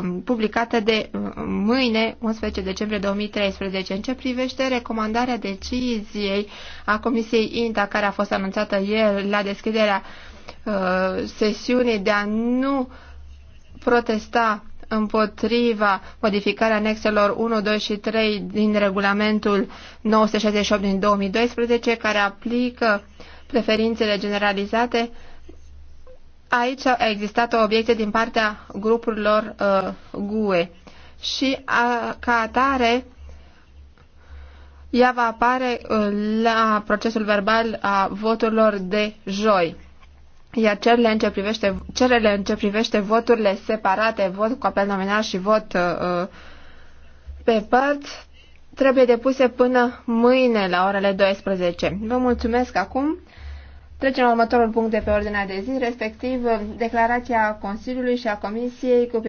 Um, publicată de uh, mâine, 11 decembrie 2013, în ce privește recomandarea deciziei a Comisiei INTA, care a fost anunțată ieri la deschiderea uh, sesiunii de a nu protesta împotriva modificarea anexelor 1, 2 și 3 din regulamentul 968 din 2012, care aplică preferințele generalizate Aici a existat o obiecție din partea grupurilor uh, GUE și a, ca atare ea va apare uh, la procesul verbal a voturilor de joi. Iar cererile în ce privește, cererile în ce privește voturile separate, vot cu apel nominal și vot uh, uh pe părți, trebuie depuse până mâine la orele 12. Vă mulțumesc acum. Trecem la următorul punct de pe ordinea de zi, respectiv declarația Consiliului și a Comisiei cu